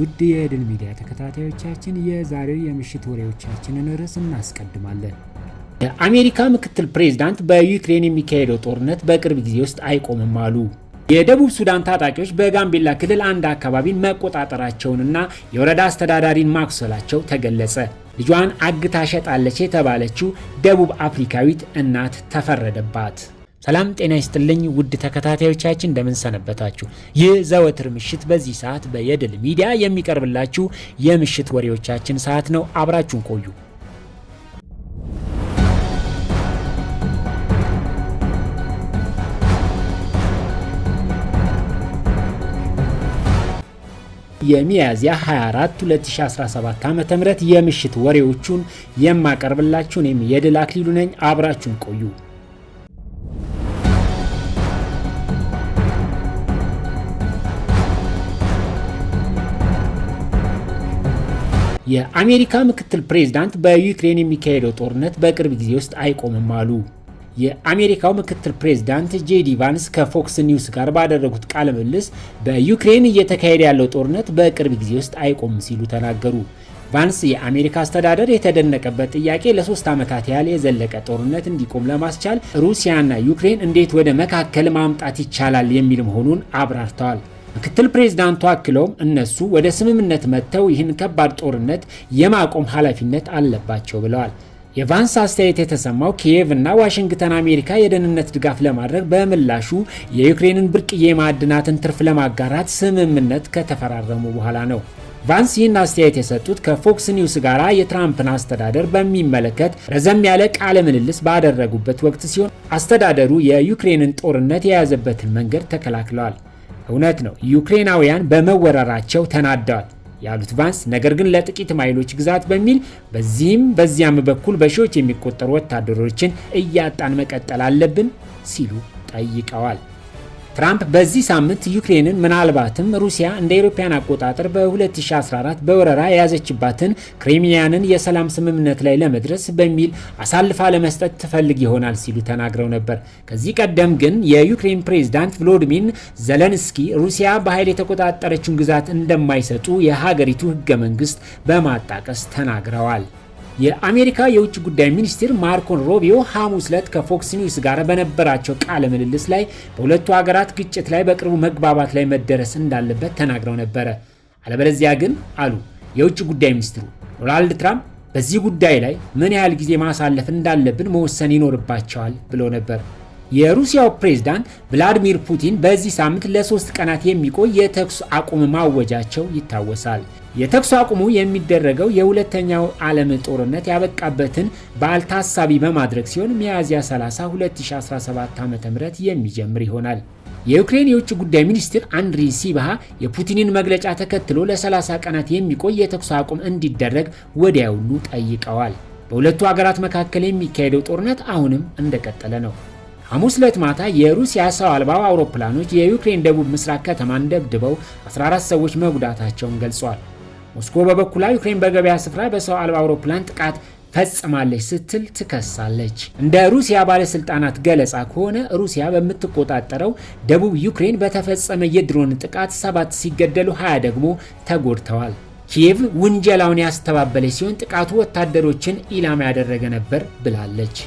ውድ የድል ሚዲያ ተከታታዮቻችን የዛሬው የምሽት ወሬዎቻችንን ርዕስ እናስቀድማለን። የአሜሪካ ምክትል ፕሬዝዳንት በዩክሬን የሚካሄደው ጦርነት በቅርብ ጊዜ ውስጥ አይቆምም አሉ። የደቡብ ሱዳን ታጣቂዎች በጋምቤላ ክልል አንድ አካባቢን መቆጣጠራቸውንና የወረዳ አስተዳዳሪን ማኩሰላቸው ተገለጸ። ልጇን አግታ ሸጣለች የተባለችው ደቡብ አፍሪካዊት እናት ተፈረደባት። ሰላም ጤና ይስጥልኝ ውድ ተከታታዮቻችን እንደምን ሰነበታችሁ። ይህ ዘወትር ምሽት በዚህ ሰዓት በየድል ሚዲያ የሚቀርብላችሁ የምሽት ወሬዎቻችን ሰዓት ነው። አብራችሁን ቆዩ። የሚያዝያ 24 2017 ዓ ም የምሽት ወሬዎቹን የማቀርብላችሁ እኔም የድል አክሊሉ ነኝ። አብራችሁን ቆዩ። የአሜሪካ ምክትል ፕሬዝዳንት በዩክሬን የሚካሄደው ጦርነት በቅርብ ጊዜ ውስጥ አይቆምም አሉ። የአሜሪካው ምክትል ፕሬዝዳንት ጄዲ ቫንስ ከፎክስ ኒውስ ጋር ባደረጉት ቃለ ምልልስ በዩክሬን እየተካሄደ ያለው ጦርነት በቅርብ ጊዜ ውስጥ አይቆምም ሲሉ ተናገሩ። ቫንስ የአሜሪካ አስተዳደር የተደነቀበት ጥያቄ ለሶስት ዓመታት ያህል የዘለቀ ጦርነት እንዲቆም ለማስቻል ሩሲያና ዩክሬን እንዴት ወደ መካከል ማምጣት ይቻላል የሚል መሆኑን አብራርተዋል። ምክትል ፕሬዚዳንቱ አክለውም እነሱ ወደ ስምምነት መጥተው ይህን ከባድ ጦርነት የማቆም ኃላፊነት አለባቸው ብለዋል። የቫንስ አስተያየት የተሰማው ኪየቭ እና ዋሽንግተን አሜሪካ የደህንነት ድጋፍ ለማድረግ በምላሹ የዩክሬንን ብርቅዬ ማዕድናትን ትርፍ ለማጋራት ስምምነት ከተፈራረሙ በኋላ ነው። ቫንስ ይህን አስተያየት የሰጡት ከፎክስ ኒውስ ጋር የትራምፕን አስተዳደር በሚመለከት ረዘም ያለ ቃለ ምልልስ ባደረጉበት ወቅት ሲሆን አስተዳደሩ የዩክሬንን ጦርነት የያዘበትን መንገድ ተከላክለዋል። እውነት ነው ዩክሬናውያን በመወረራቸው ተናደዋል ያሉት ቫንስ፣ ነገር ግን ለጥቂት ማይሎች ግዛት በሚል በዚህም በዚያም በኩል በሺዎች የሚቆጠሩ ወታደሮችን እያጣን መቀጠል አለብን ሲሉ ጠይቀዋል። ትራምፕ በዚህ ሳምንት ዩክሬንን ምናልባትም ሩሲያ እንደ አውሮፓውያን አቆጣጠር በ2014 በወረራ የያዘችባትን ክሪሚያንን የሰላም ስምምነት ላይ ለመድረስ በሚል አሳልፋ ለመስጠት ትፈልግ ይሆናል ሲሉ ተናግረው ነበር። ከዚህ ቀደም ግን የዩክሬን ፕሬዝዳንት ቮሎዲሚር ዘለንስኪ ሩሲያ በኃይል የተቆጣጠረችውን ግዛት እንደማይሰጡ የሀገሪቱ ህገ መንግስት በማጣቀስ ተናግረዋል። የአሜሪካ የውጭ ጉዳይ ሚኒስትር ማርኮን ሮቢዮ ሐሙስ ዕለት ከፎክስ ኒውስ ጋር በነበራቸው ቃለ ምልልስ ላይ በሁለቱ ሀገራት ግጭት ላይ በቅርቡ መግባባት ላይ መደረስ እንዳለበት ተናግረው ነበረ። አለበለዚያ ግን አሉ የውጭ ጉዳይ ሚኒስትሩ ዶናልድ ትራምፕ በዚህ ጉዳይ ላይ ምን ያህል ጊዜ ማሳለፍ እንዳለብን መወሰን ይኖርባቸዋል ብሎ ነበር። የሩሲያው ፕሬዝዳንት ቭላዲሚር ፑቲን በዚህ ሳምንት ለሶስት ቀናት የሚቆይ የተኩስ አቁም ማወጃቸው ይታወሳል። የተኩስ አቁሙ የሚደረገው የሁለተኛው ዓለም ጦርነት ያበቃበትን በዓል ታሳቢ በማድረግ ሲሆን ሚያዝያ 30 2017 ዓ.ም የሚጀምር ይሆናል። የዩክሬን የውጭ ጉዳይ ሚኒስትር አንድሪ ሲባሃ የፑቲንን መግለጫ ተከትሎ ለ30 ቀናት የሚቆይ የተኩስ አቁም እንዲደረግ ወዲያውኑ ጠይቀዋል። በሁለቱ አገራት መካከል የሚካሄደው ጦርነት አሁንም እንደቀጠለ ነው። ሐሙስ ዕለት ማታ የሩሲያ ሰው አልባ አውሮፕላኖች የዩክሬን ደቡብ ምስራቅ ከተማን ደብድበው 14 ሰዎች መጉዳታቸውን ገልጿል። ሞስኮ በበኩሏ ዩክሬን በገበያ ስፍራ በሰው አልባ አውሮፕላን ጥቃት ፈጽማለች ስትል ትከሳለች። እንደ ሩሲያ ባለስልጣናት ገለጻ ከሆነ ሩሲያ በምትቆጣጠረው ደቡብ ዩክሬን በተፈጸመ የድሮን ጥቃት ሰባት ሲገደሉ ሀያ ደግሞ ተጎድተዋል። ኪየቭ ውንጀላውን ያስተባበለች ሲሆን ጥቃቱ ወታደሮችን ኢላማ ያደረገ ነበር ብላለች።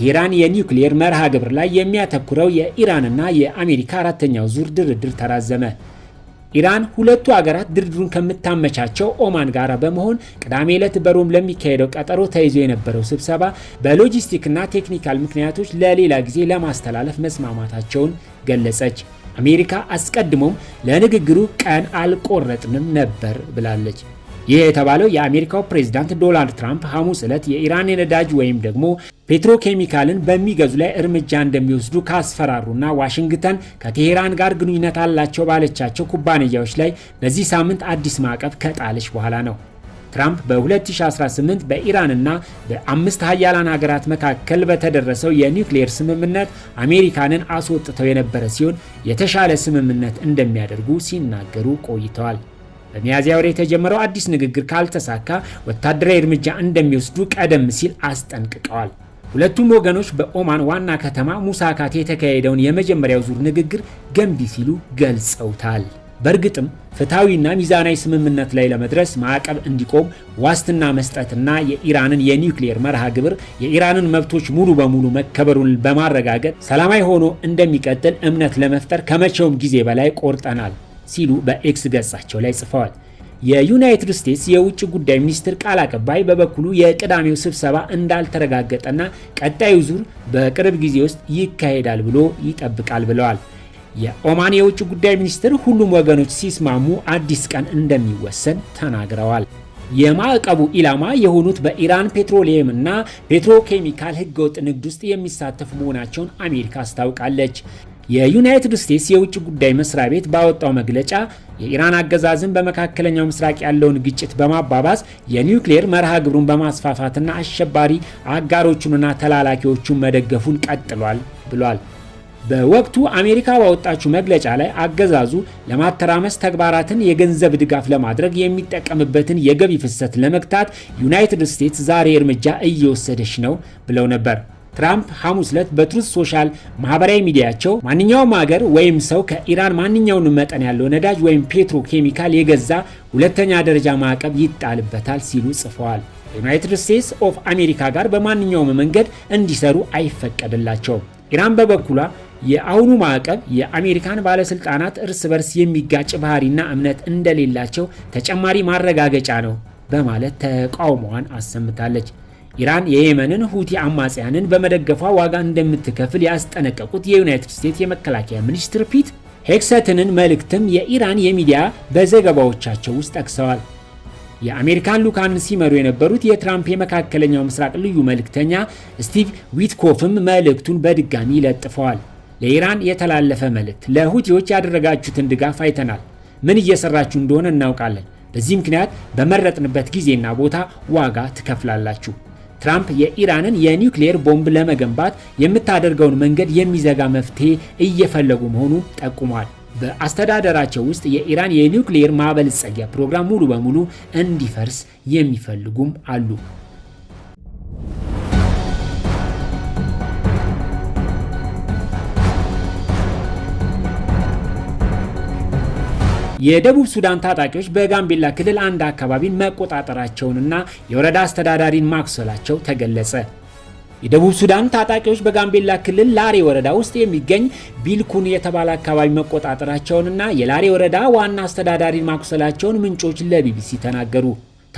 በቴህራን የኒውክሌር መርሃ ግብር ላይ የሚያተኩረው የኢራንና የአሜሪካ አራተኛው ዙር ድርድር ተራዘመ። ኢራን ሁለቱ አገራት ድርድሩን ከምታመቻቸው ኦማን ጋር በመሆን ቅዳሜ ዕለት በሮም ለሚካሄደው ቀጠሮ ተይዞ የነበረው ስብሰባ በሎጂስቲክና ቴክኒካል ምክንያቶች ለሌላ ጊዜ ለማስተላለፍ መስማማታቸውን ገለጸች። አሜሪካ አስቀድሞም ለንግግሩ ቀን አልቆረጥንም ነበር ብላለች። ይህ የተባለው የአሜሪካው ፕሬዝዳንት ዶናልድ ትራምፕ ሐሙስ ዕለት የኢራን የነዳጅ ወይም ደግሞ ፔትሮኬሚካልን በሚገዙ ላይ እርምጃ እንደሚወስዱ ካስፈራሩና ዋሽንግተን ከቴሄራን ጋር ግንኙነት አላቸው ባለቻቸው ኩባንያዎች ላይ በዚህ ሳምንት አዲስ ማዕቀብ ከጣለች በኋላ ነው። ትራምፕ በ2018 በኢራንና በአምስት ሀያላን ሀገራት መካከል በተደረሰው የኒውክሌር ስምምነት አሜሪካንን አስወጥተው የነበረ ሲሆን የተሻለ ስምምነት እንደሚያደርጉ ሲናገሩ ቆይተዋል። በሚያዝያ ወር የተጀመረው አዲስ ንግግር ካልተሳካ ወታደራዊ እርምጃ እንደሚወስዱ ቀደም ሲል አስጠንቅቀዋል። ሁለቱም ወገኖች በኦማን ዋና ከተማ ሙሳካት የተካሄደውን የመጀመሪያው ዙር ንግግር ገንቢ ሲሉ ገልጸውታል። በእርግጥም ፍትሐዊና ሚዛናዊ ስምምነት ላይ ለመድረስ ማዕቀብ እንዲቆም ዋስትና መስጠትና የኢራንን የኒውክሌር መርሃ ግብር የኢራንን መብቶች ሙሉ በሙሉ መከበሩን በማረጋገጥ ሰላማዊ ሆኖ እንደሚቀጥል እምነት ለመፍጠር ከመቼውም ጊዜ በላይ ቆርጠናል ሲሉ በኤክስ ገጻቸው ላይ ጽፈዋል። የዩናይትድ ስቴትስ የውጭ ጉዳይ ሚኒስትር ቃል አቀባይ በበኩሉ የቅዳሜው ስብሰባ እንዳልተረጋገጠና ቀጣዩ ዙር በቅርብ ጊዜ ውስጥ ይካሄዳል ብሎ ይጠብቃል ብለዋል። የኦማን የውጭ ጉዳይ ሚኒስትር ሁሉም ወገኖች ሲስማሙ አዲስ ቀን እንደሚወሰን ተናግረዋል። የማዕቀቡ ኢላማ የሆኑት በኢራን ፔትሮሊየም እና ፔትሮኬሚካል ህገወጥ ንግድ ውስጥ የሚሳተፉ መሆናቸውን አሜሪካ አስታውቃለች። የዩናይትድ ስቴትስ የውጭ ጉዳይ መስሪያ ቤት ባወጣው መግለጫ የኢራን አገዛዝን በመካከለኛው ምስራቅ ያለውን ግጭት በማባባስ የኒውክሌር መርሃ ግብሩን በማስፋፋትና አሸባሪ አጋሮቹንና ተላላኪዎቹን መደገፉን ቀጥሏል ብሏል። በወቅቱ አሜሪካ ባወጣችው መግለጫ ላይ አገዛዙ ለማተራመስ ተግባራትን የገንዘብ ድጋፍ ለማድረግ የሚጠቀምበትን የገቢ ፍሰት ለመግታት ዩናይትድ ስቴትስ ዛሬ እርምጃ እየወሰደች ነው ብለው ነበር። ትራምፕ ሐሙስ ዕለት በትሩስ ሶሻል ማህበራዊ ሚዲያቸው ማንኛውም ሀገር ወይም ሰው ከኢራን ማንኛውንም መጠን ያለው ነዳጅ ወይም ፔትሮ ኬሚካል የገዛ ሁለተኛ ደረጃ ማዕቀብ ይጣልበታል ሲሉ ጽፈዋል። ዩናይትድ ስቴትስ ኦፍ አሜሪካ ጋር በማንኛውም መንገድ እንዲሰሩ አይፈቀድላቸውም። ኢራን በበኩሏ የአሁኑ ማዕቀብ የአሜሪካን ባለስልጣናት እርስ በርስ የሚጋጭ ባህሪና እምነት እንደሌላቸው ተጨማሪ ማረጋገጫ ነው በማለት ተቃውሞዋን አሰምታለች። ኢራን የየመንን ሁቲ አማጽያንን በመደገፏ ዋጋ እንደምትከፍል ያስጠነቀቁት የዩናይትድ ስቴትስ የመከላከያ ሚኒስትር ፒት ሄክሰትንን መልእክትም የኢራን የሚዲያ በዘገባዎቻቸው ውስጥ ጠቅሰዋል። የአሜሪካን ልዑካንን ሲመሩ የነበሩት የትራምፕ የመካከለኛው ምስራቅ ልዩ መልእክተኛ ስቲቭ ዊትኮፍም መልእክቱን በድጋሚ ለጥፈዋል። ለኢራን የተላለፈ መልእክት፣ ለሁቲዎች ያደረጋችሁትን ድጋፍ አይተናል። ምን እየሰራችሁ እንደሆነ እናውቃለን። በዚህ ምክንያት በመረጥንበት ጊዜና ቦታ ዋጋ ትከፍላላችሁ። ትራምፕ የኢራንን የኒውክሌር ቦምብ ለመገንባት የምታደርገውን መንገድ የሚዘጋ መፍትሄ እየፈለጉ መሆኑ ጠቁሟል። በአስተዳደራቸው ውስጥ የኢራን የኒውክሌር ማበልጸጊያ ፕሮግራም ሙሉ በሙሉ እንዲፈርስ የሚፈልጉም አሉ። የደቡብ ሱዳን ታጣቂዎች በጋምቤላ ክልል አንድ አካባቢን መቆጣጠራቸውንና የወረዳ አስተዳዳሪን ማክሰላቸው ተገለጸ። የደቡብ ሱዳን ታጣቂዎች በጋምቤላ ክልል ላሬ ወረዳ ውስጥ የሚገኝ ቢልኩን የተባለ አካባቢ መቆጣጠራቸውንና የላሬ ወረዳ ዋና አስተዳዳሪን ማኩሰላቸውን ምንጮች ለቢቢሲ ተናገሩ።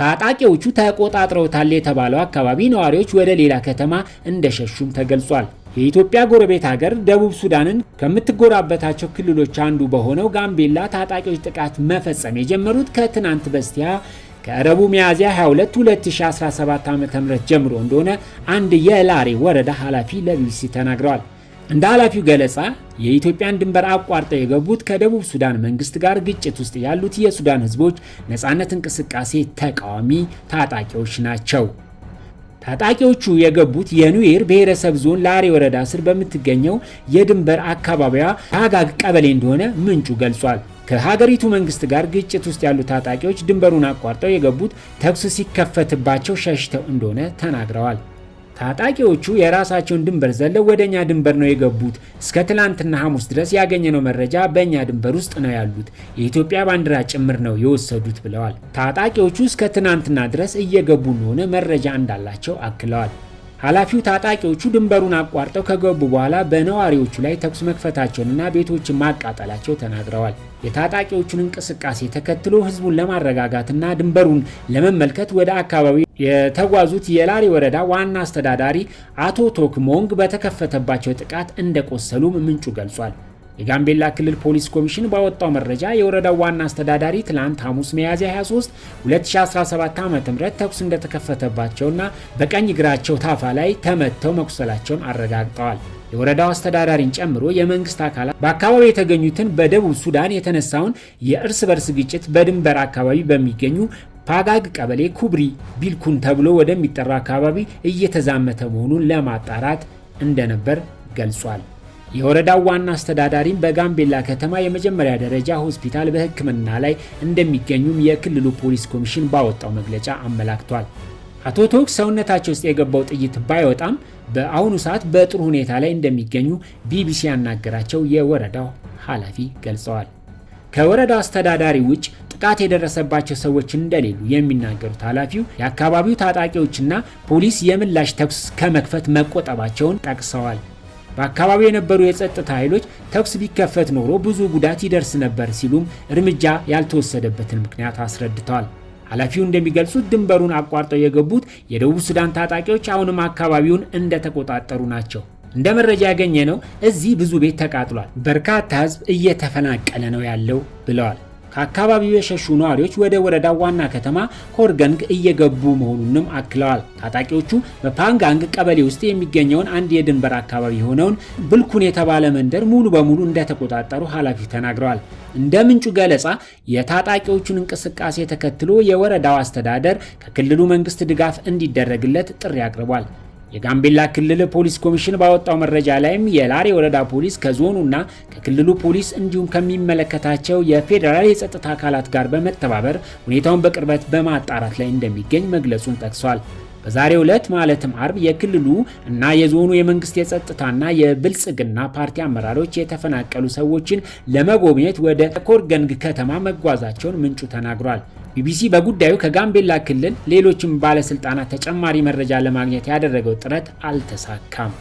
ታጣቂዎቹ ተቆጣጥረውታል የተባለው አካባቢ ነዋሪዎች ወደ ሌላ ከተማ እንደሸሹም ተገልጿል። የኢትዮጵያ ጎረቤት ሀገር ደቡብ ሱዳንን ከምትጎራበታቸው ክልሎች አንዱ በሆነው ጋምቤላ ታጣቂዎች ጥቃት መፈጸም የጀመሩት ከትናንት በስቲያ ከረቡ ሚያዝያ 22 2017 ዓ.ም ጀምሮ እንደሆነ አንድ የላሬ ወረዳ ኃላፊ ለቢቢሲ ተናግረዋል። እንደ ኃላፊው ገለጻ የኢትዮጵያን ድንበር አቋርጠው የገቡት ከደቡብ ሱዳን መንግስት ጋር ግጭት ውስጥ ያሉት የሱዳን ህዝቦች ነፃነት እንቅስቃሴ ተቃዋሚ ታጣቂዎች ናቸው። ታጣቂዎቹ የገቡት የኑዌር ብሔረሰብ ዞን ላሬ ወረዳ ስር በምትገኘው የድንበር አካባቢዋ ሀጋግ ቀበሌ እንደሆነ ምንጩ ገልጿል። ከሀገሪቱ መንግስት ጋር ግጭት ውስጥ ያሉ ታጣቂዎች ድንበሩን አቋርጠው የገቡት ተኩስ ሲከፈትባቸው ሸሽተው እንደሆነ ተናግረዋል። ታጣቂዎቹ የራሳቸውን ድንበር ዘለው ወደ እኛ ድንበር ነው የገቡት። እስከ ትላንትና ሐሙስ ድረስ ያገኘነው መረጃ በእኛ ድንበር ውስጥ ነው ያሉት፣ የኢትዮጵያ ባንዲራ ጭምር ነው የወሰዱት ብለዋል። ታጣቂዎቹ እስከ ትናንትና ድረስ እየገቡ እንደሆነ መረጃ እንዳላቸው አክለዋል። ኃላፊው ታጣቂዎቹ ድንበሩን አቋርጠው ከገቡ በኋላ በነዋሪዎቹ ላይ ተኩስ መክፈታቸውንና ቤቶችን ማቃጠላቸው ተናግረዋል። የታጣቂዎቹን እንቅስቃሴ ተከትሎ ህዝቡን ለማረጋጋትና ድንበሩን ለመመልከት ወደ አካባቢው የተጓዙት የላሪ ወረዳ ዋና አስተዳዳሪ አቶ ቶክሞንግ በተከፈተባቸው ጥቃት እንደቆሰሉም ምንጩ ገልጿል። የጋምቤላ ክልል ፖሊስ ኮሚሽን ባወጣው መረጃ የወረዳው ዋና አስተዳዳሪ ትላንት ሐሙስ ሚያዝያ 23 2017 ዓ.ም ተኩስ እንደተከፈተባቸውና በቀኝ እግራቸው ታፋ ላይ ተመተው መቁሰላቸውን አረጋግጠዋል። የወረዳው አስተዳዳሪን ጨምሮ የመንግስት አካላት በአካባቢው የተገኙትን በደቡብ ሱዳን የተነሳውን የእርስ በርስ ግጭት በድንበር አካባቢ በሚገኙ ፓጋግ ቀበሌ ኩብሪ ቢልኩን ተብሎ ወደሚጠራው አካባቢ እየተዛመተ መሆኑን ለማጣራት እንደነበር ገልጿል። የወረዳው ዋና አስተዳዳሪም በጋምቤላ ከተማ የመጀመሪያ ደረጃ ሆስፒታል በሕክምና ላይ እንደሚገኙም የክልሉ ፖሊስ ኮሚሽን ባወጣው መግለጫ አመላክቷል። አቶ ቶክ ሰውነታቸው ውስጥ የገባው ጥይት ባይወጣም በአሁኑ ሰዓት በጥሩ ሁኔታ ላይ እንደሚገኙ ቢቢሲ ያናገራቸው የወረዳው ኃላፊ ገልጸዋል። ከወረዳው አስተዳዳሪ ውጭ ጥቃት የደረሰባቸው ሰዎች እንደሌሉ የሚናገሩት ኃላፊው የአካባቢው ታጣቂዎችና ፖሊስ የምላሽ ተኩስ ከመክፈት መቆጠባቸውን ጠቅሰዋል። በአካባቢው የነበሩ የጸጥታ ኃይሎች ተኩስ ቢከፈት ኖሮ ብዙ ጉዳት ይደርስ ነበር ሲሉም እርምጃ ያልተወሰደበትን ምክንያት አስረድተዋል። ኃላፊው እንደሚገልጹት ድንበሩን አቋርጠው የገቡት የደቡብ ሱዳን ታጣቂዎች አሁንም አካባቢውን እንደተቆጣጠሩ ናቸው። እንደ መረጃ ያገኘ ነው እዚህ ብዙ ቤት ተቃጥሏል፣ በርካታ ህዝብ እየተፈናቀለ ነው ያለው ብለዋል። ከአካባቢው የሸሹ ነዋሪዎች ወደ ወረዳ ዋና ከተማ ኮርገንግ እየገቡ መሆኑንም አክለዋል። ታጣቂዎቹ በፓንጋንግ ቀበሌ ውስጥ የሚገኘውን አንድ የድንበር አካባቢ የሆነውን ብልኩን የተባለ መንደር ሙሉ በሙሉ እንደተቆጣጠሩ ኃላፊ ተናግረዋል። እንደ ምንጩ ገለጻ የታጣቂዎቹን እንቅስቃሴ ተከትሎ የወረዳው አስተዳደር ከክልሉ መንግስት ድጋፍ እንዲደረግለት ጥሪ አቅርቧል። የጋምቤላ ክልል ፖሊስ ኮሚሽን ባወጣው መረጃ ላይም የላሬ ወረዳ ፖሊስ ከዞኑና ከክልሉ ፖሊስ እንዲሁም ከሚመለከታቸው የፌዴራል የጸጥታ አካላት ጋር በመተባበር ሁኔታውን በቅርበት በማጣራት ላይ እንደሚገኝ መግለጹን ጠቅሷል። በዛሬው ዕለት ማለትም አርብ የክልሉ እና የዞኑ የመንግስት የጸጥታና የብልጽግና ፓርቲ አመራሮች የተፈናቀሉ ሰዎችን ለመጎብኘት ወደ ኮርገንግ ከተማ መጓዛቸውን ምንጩ ተናግሯል። ቢቢሲ በጉዳዩ ከጋምቤላ ክልል ሌሎችም ባለስልጣናት ተጨማሪ መረጃ ለማግኘት ያደረገው ጥረት አልተሳካም።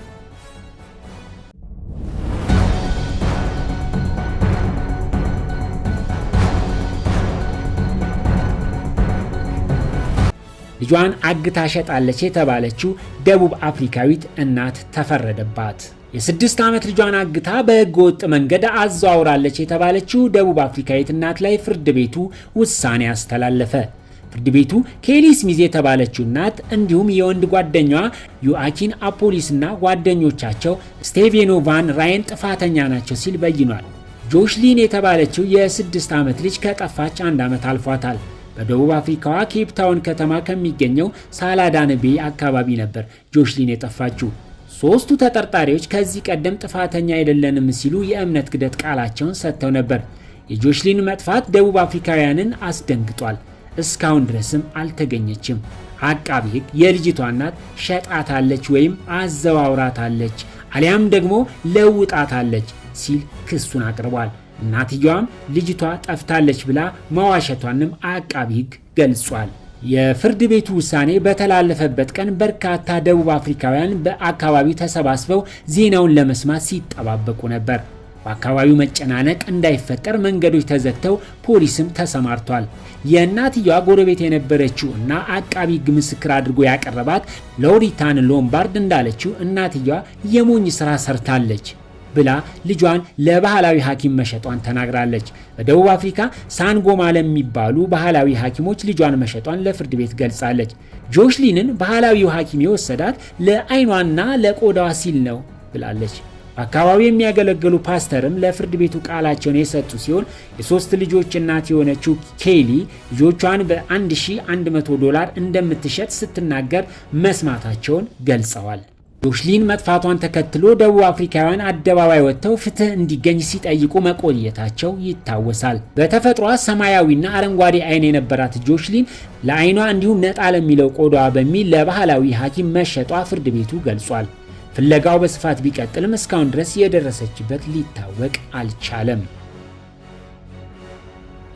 ልጇን አግታ ሸጣለች የተባለችው ደቡብ አፍሪካዊት እናት ተፈረደባት። የስድስት ዓመት ልጇን አግታ በሕገ ወጥ መንገድ አዘዋውራለች የተባለችው ደቡብ አፍሪካዊት እናት ላይ ፍርድ ቤቱ ውሳኔ አስተላለፈ። ፍርድ ቤቱ ኬሊ ስሚዝ የተባለችው እናት እንዲሁም የወንድ ጓደኛዋ ዩአኪን አፖሊስና ጓደኞቻቸው ስቴቬኖ ቫን ራየን ጥፋተኛ ናቸው ሲል በይኗል። ጆሽሊን የተባለችው የስድስት ዓመት ልጅ ከጠፋች አንድ ዓመት አልፏታል። በደቡብ አፍሪካዋ ኬፕታውን ከተማ ከሚገኘው ሳላዳን አካባቢ ነበር ጆሽሊን የጠፋችው። ሶስቱ ተጠርጣሪዎች ከዚህ ቀደም ጥፋተኛ አይደለንም ሲሉ የእምነት ክደት ቃላቸውን ሰጥተው ነበር። የጆሽሊን መጥፋት ደቡብ አፍሪካውያንን አስደንግጧል። እስካሁን ድረስም አልተገኘችም። አቃቢ ሕግ የልጅቷ እናት ሸጣታለች ወይም አዘዋውራታለች አሊያም ደግሞ ለውጣታለች ሲል ክሱን አቅርቧል። እናትየዋም ልጅቷ ጠፍታለች ብላ መዋሸቷንም አቃቢ ሕግ ገልጿል። የፍርድ ቤቱ ውሳኔ በተላለፈበት ቀን በርካታ ደቡብ አፍሪካውያን በአካባቢው ተሰባስበው ዜናውን ለመስማት ሲጠባበቁ ነበር። በአካባቢው መጨናነቅ እንዳይፈጠር መንገዶች ተዘግተው ፖሊስም ተሰማርቷል። የእናትየዋ ጎረቤት የነበረችው እና አቃቢ ሕግ ምስክር አድርጎ ያቀረባት ሎሪታን ሎምባርድ እንዳለችው እናትየዋ የሞኝ ስራ ሰርታለች። ብላ ልጇን ለባህላዊ ሐኪም መሸጧን ተናግራለች። በደቡብ አፍሪካ ሳንጎማ ለሚባሉ ባህላዊ ሐኪሞች ልጇን መሸጧን ለፍርድ ቤት ገልጻለች። ጆሽሊንን ባህላዊው ሐኪም የወሰዳት ለአይኗና ለቆዳዋ ሲል ነው ብላለች። በአካባቢው የሚያገለግሉ ፓስተርም ለፍርድ ቤቱ ቃላቸውን የሰጡ ሲሆን የሶስት ልጆች እናት የሆነችው ኬሊ ልጆቿን በ1100 ዶላር እንደምትሸጥ ስትናገር መስማታቸውን ገልጸዋል። ዮሽሊን መጥፋቷን ተከትሎ ደቡብ አፍሪካውያን አደባባይ ወጥተው ፍትህ እንዲገኝ ሲጠይቁ መቆየታቸው ይታወሳል። በተፈጥሯ ሰማያዊና አረንጓዴ አይን የነበራት ጆሽሊን ለአይኗ እንዲሁም ነጣ ለሚለው ቆዳ በሚል ለባህላዊ ሐኪም መሸጧ ፍርድ ቤቱ ገልጿል። ፍለጋው በስፋት ቢቀጥልም እስካሁን ድረስ የደረሰችበት ሊታወቅ አልቻለም።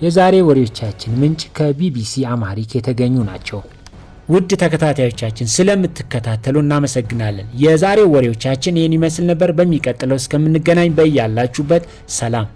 የዛሬ ወሬዎቻችን ምንጭ ከቢቢሲ አማሪክ የተገኙ ናቸው። ውድ ተከታታዮቻችን ስለምትከታተሉ እናመሰግናለን። የዛሬው ወሬዎቻችን ይህን ይመስል ነበር። በሚቀጥለው እስከምንገናኝ በያላችሁበት ሰላም